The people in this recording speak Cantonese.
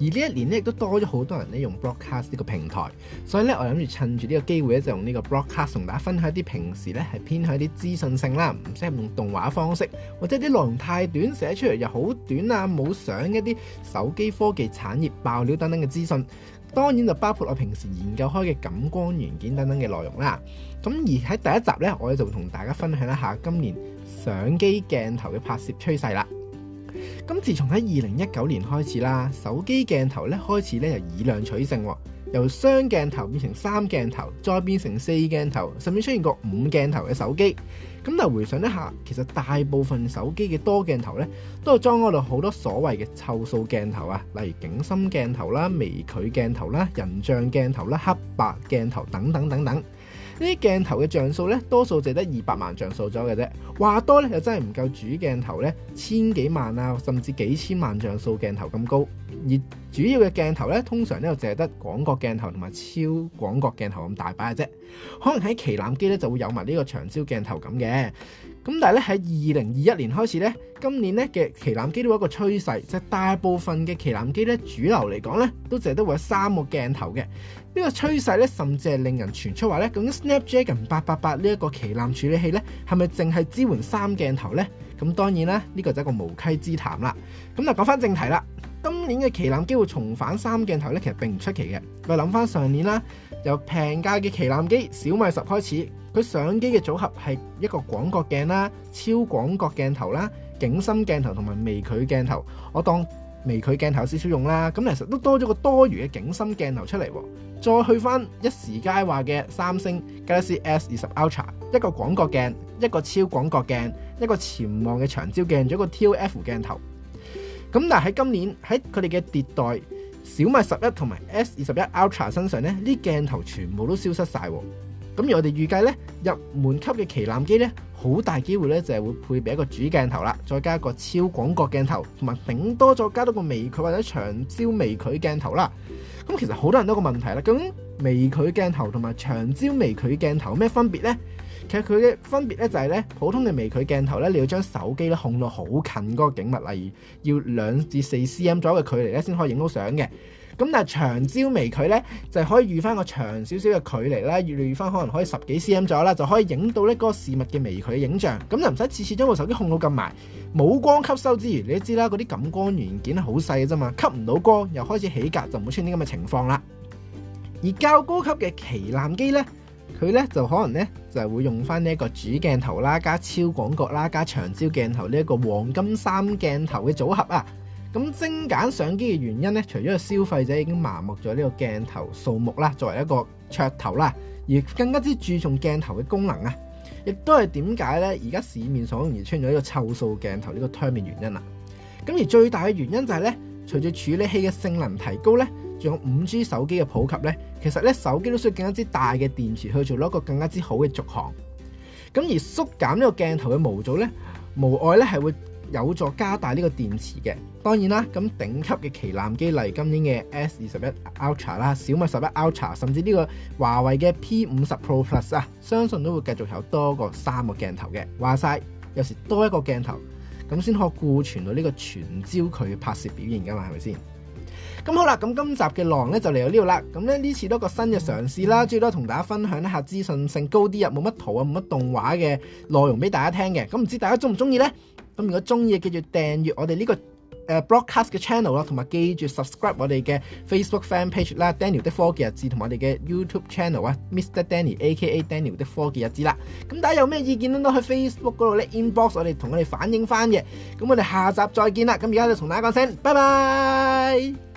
而呢一年咧，亦都多咗好多人咧用 broadcast 呢個平台，所以咧我諗住趁住呢個機會咧，就用呢個 broadcast 同大家分享一啲平時咧係偏向啲資訊性啦，唔適合用動畫方式，或者啲內容太短寫出嚟又好短啊，冇相，一啲手機科技產業爆料等等嘅資訊，當然就包括我平時研究開嘅感光元件等等嘅內容啦。咁而喺第一集咧，我哋就同大家分享一下今年相機鏡頭嘅拍攝趨勢啦。咁自從喺二零一九年開始啦，手機鏡頭咧開始咧就以量取勝，由雙鏡頭變成三鏡頭，再變成四鏡頭，甚至出現過五鏡頭嘅手機。咁但回想一下，其實大部分手機嘅多鏡頭咧都係裝嗰度好多所謂嘅湊數鏡頭啊，例如景深鏡頭啦、微距鏡頭啦、人像鏡頭啦、黑白鏡頭等等等等。呢啲鏡頭嘅像素咧，多數淨係得二百萬像素咗嘅啫。話多咧，又真係唔夠主鏡頭咧千幾萬啊，甚至幾千萬像素鏡頭咁高。而主要嘅鏡頭咧，通常咧就淨係得廣角鏡頭同埋超廣角鏡頭咁大把嘅啫。可能喺旗艦機咧就會有埋呢個長焦鏡頭咁嘅。咁但係咧喺二零二一年開始咧，今年咧嘅旗艦機都有一個趨勢，即係大部分嘅旗艦機咧主流嚟講咧，都淨係得會有三個鏡頭嘅。呢個趨勢咧，甚至係令人傳出話咧，究竟 Snapdragon 八八八呢一個旗艦處理器咧，係咪淨係支援三鏡頭咧？咁當然啦，呢個就係一個無稽之談啦。咁啊講翻正題啦，今年嘅旗艦機會重返三鏡頭咧，其實並唔出奇嘅。我諗翻上年啦，由平價嘅旗艦機小米十開始。佢相機嘅組合係一個廣角鏡啦、超廣角鏡頭啦、景深鏡頭同埋微距鏡頭。我當微距鏡頭少少用啦，咁其實都多咗個多餘嘅景深鏡頭出嚟。再去翻一時佳話嘅三星 Galaxy S 二十 Ultra，一個廣角鏡、一個超廣角鏡、一個潛望嘅長焦鏡，仲有個 ToF 鏡頭。咁但係喺今年喺佢哋嘅迭代，小米十一同埋 S 二十一 Ultra 身上，呢啲鏡頭全部都消失曬。咁我哋預計咧，入門級嘅旗艦機咧，好大機會咧就係會配備一個主鏡頭啦，再加一個超廣角鏡頭，同埋頂多再加多個微距或者長焦微距鏡頭啦。咁其實好多人都有個問題啦，咁微距鏡頭同埋長焦微距鏡頭有咩分別呢？其實佢嘅分別咧就係咧，普通嘅微距鏡頭咧，你要將手機咧控到好近嗰個景物，例如要兩至四 cm 左右嘅距離咧，先可以影到相嘅。咁但係長焦微距咧，就係可以預翻個長少少嘅距離啦，預預翻可能可以十幾 CM 左右啦，就可以影到呢嗰個事物嘅微距影像。咁就唔使次次將部手機控到咁埋，冇光吸收之餘，你都知啦，嗰啲感光元件好細嘅啫嘛，吸唔到光又開始起格，就唔會出現啲咁嘅情況啦。而較高級嘅旗艦機咧，佢咧就可能咧就係會用翻呢一個主鏡頭啦，加超廣角啦，加長焦鏡頭呢一個黃金三鏡頭嘅組合啊！咁精簡相機嘅原因咧，除咗個消費者已經麻木咗呢個鏡頭數目啦，作為一個噱頭啦，而更加之注重鏡頭嘅功能啊，亦都係點解咧？而家市面上容易出現咗呢個湊數鏡頭呢個 turn 面原因啦。咁而最大嘅原因就係咧，隨住處理器嘅性能提高咧，仲有五 G 手機嘅普及咧，其實咧手機都需要更加之大嘅電池去做到一個更加之好嘅續航。咁而縮減呢個鏡頭嘅模組咧，無外咧係會。有助加大呢個電池嘅，當然啦，咁頂級嘅旗艦機，例如今年嘅 S 二十一 Ultra 啦，小米十一 Ultra，甚至呢個華為嘅 P 五十 Pro Plus 啊，相信都會繼續有多過三個鏡頭嘅。話晒，有時多一個鏡頭咁先可顧全到呢個全焦距拍攝表現㗎嘛，係咪先？咁好啦，咁今集嘅狼咧就嚟到呢度啦。咁咧呢次多個新嘅嘗試啦，最多同大家分享一下資訊性高啲啊，冇乜圖啊，冇乜動畫嘅內容俾大家聽嘅。咁唔知大家中唔中意呢？咁如果中意嘅，記住訂閲我哋呢、呢個誒、呃、broadcast 嘅 channel 咯，同埋記住 subscribe 我哋嘅 Facebook fan page 啦，Daniel 的科技日誌同我哋嘅 YouTube channel 啊，Mr. Danny A.K.A. Daniel 的科技日誌啦。咁大家有咩意見都去 Facebook 嗰度呢 inbox，我哋同我哋反映翻嘅。咁我哋下集再見啦。咁而家就同大家講聲，拜拜。